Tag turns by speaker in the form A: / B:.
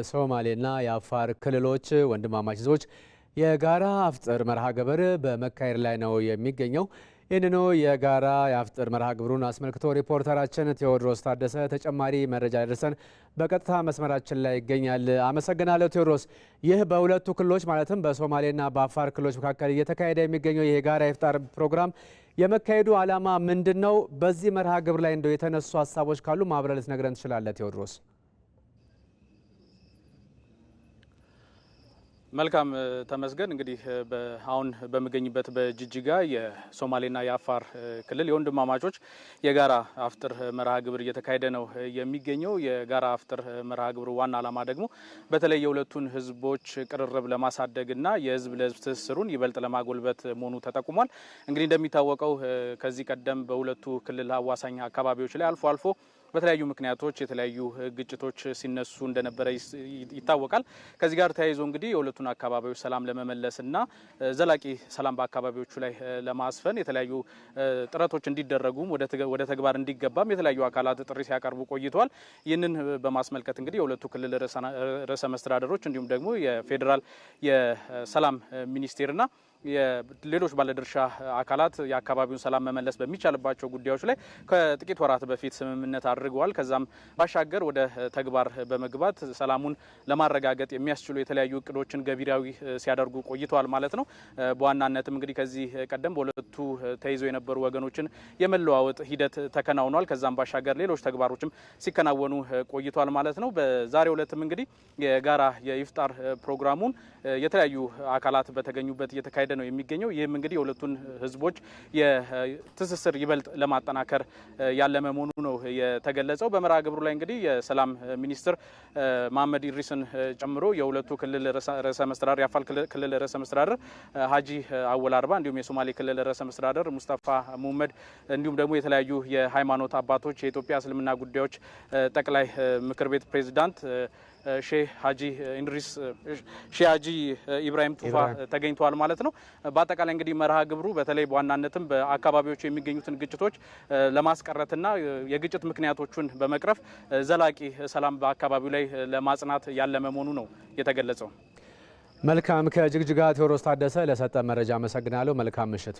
A: የሶማሌና የአፋር ክልሎች ወንድማማች ህዝቦች የጋራ አፍጥር መርሃ ግብር በመካሄድ ላይ ነው የሚገኘው። ይህንኑ የጋራ የአፍጥር መርሃ ግብሩን አስመልክቶ ሪፖርተራችን ቴዎድሮስ ታደሰ ተጨማሪ መረጃ ደርሰን በቀጥታ መስመራችን ላይ ይገኛል። አመሰግናለሁ ቴዎድሮስ። ይህ በሁለቱ ክልሎች ማለትም በሶማሌና በአፋር ክልሎች መካከል እየተካሄደ የሚገኘው ይህ የጋራ የፍጣር ፕሮግራም የመካሄዱ ዓላማ ምንድን ነው? በዚህ መርሃ ግብር ላይ እንደው የተነሱ ሀሳቦች ካሉ ማብራሪያ ልትነግረን ትችላለህ ቴዎድሮስ?
B: መልካም ተመስገን። እንግዲህ አሁን በምገኝበት በጅጅጋ የሶማሌና የአፋር ክልል የወንድማማቾች የጋራ አፍጥር መርሃ ግብር እየተካሄደ ነው የሚገኘው። የጋራ አፍጥር መርሃ ግብር ዋና ዓላማ ደግሞ በተለይ የሁለቱን ህዝቦች ቅርርብ ለማሳደግና የህዝብ ለህዝብ ትስስሩን ይበልጥ ለማጎልበት መሆኑ ተጠቁሟል። እንግዲህ እንደሚታወቀው ከዚህ ቀደም በሁለቱ ክልል አዋሳኝ አካባቢዎች ላይ አልፎ አልፎ በተለያዩ ምክንያቶች የተለያዩ ግጭቶች ሲነሱ እንደነበረ ይታወቃል። ከዚህ ጋር ተያይዞ እንግዲህ የሁለቱን አካባቢዎች ሰላም ለመመለስና ዘላቂ ሰላም በአካባቢዎቹ ላይ ለማስፈን የተለያዩ ጥረቶች እንዲደረጉም ወደ ተግባር እንዲገባም የተለያዩ አካላት ጥሪ ሲያቀርቡ ቆይተዋል። ይህንን በማስመልከት እንግዲህ የሁለቱ ክልል ርዕሰ መስተዳደሮች እንዲሁም ደግሞ የፌዴራል የሰላም ሚኒስቴርና የሌሎች ባለድርሻ አካላት የአካባቢውን ሰላም መመለስ በሚቻልባቸው ጉዳዮች ላይ ከጥቂት ወራት በፊት ስምምነት አድርገዋል። ከዛም ባሻገር ወደ ተግባር በመግባት ሰላሙን ለማረጋገጥ የሚያስችሉ የተለያዩ እቅዶችን ገቢራዊ ሲያደርጉ ቆይተዋል ማለት ነው። በዋናነትም እንግዲህ ከዚህ ቀደም በሁለቱ ተይዘው የነበሩ ወገኖችን የመለዋወጥ ሂደት ተከናውኗል። ከዛም ባሻገር ሌሎች ተግባሮችም ሲከናወኑ ቆይተዋል ማለት ነው። በዛሬው ዕለትም እንግዲህ የጋራ የኢፍጣር ፕሮግራሙን የተለያዩ አካላት በተገኙበት እየተካሄደ እየተካሄደ ነው የሚገኘው። ይህም እንግዲህ የሁለቱን ህዝቦች የትስስር ይበልጥ ለማጠናከር ያለመ መሆኑ ነው የተገለጸው። በመርሃ ግብሩ ላይ እንግዲህ የሰላም ሚኒስትር መሀመድ ኢድሪስን ጨምሮ የሁለቱ ክልል ርዕሰ መስተዳደር የአፋል ክልል ርዕሰ መስተዳደር ሀጂ አወል አርባ እንዲሁም የሶማሌ ክልል ርዕሰ መስተዳደር ሙስጠፋ ሙመድ እንዲሁም ደግሞ የተለያዩ የሃይማኖት አባቶች የኢትዮጵያ እስልምና ጉዳዮች ጠቅላይ ምክር ቤት ፕሬዚዳንት ሼህ ሀጂ ኢንድሪስ ሼህ ሀጂ ኢብራሂም ቱፋ ተገኝተዋል ማለት ነው። በአጠቃላይ እንግዲህ መርሃ ግብሩ በተለይ በዋናነትም በአካባቢዎቹ የሚገኙትን ግጭቶች ለማስቀረትና የግጭት ምክንያቶቹን በመቅረፍ ዘላቂ ሰላም በአካባቢው ላይ ለማጽናት ያለመ መሆኑ ነው የተገለጸው።
C: መልካም። ከጅግጅጋ ቴዎድሮስ ታደሰ ለሰጠ መረጃ አመሰግናለሁ። መልካም ምሽት።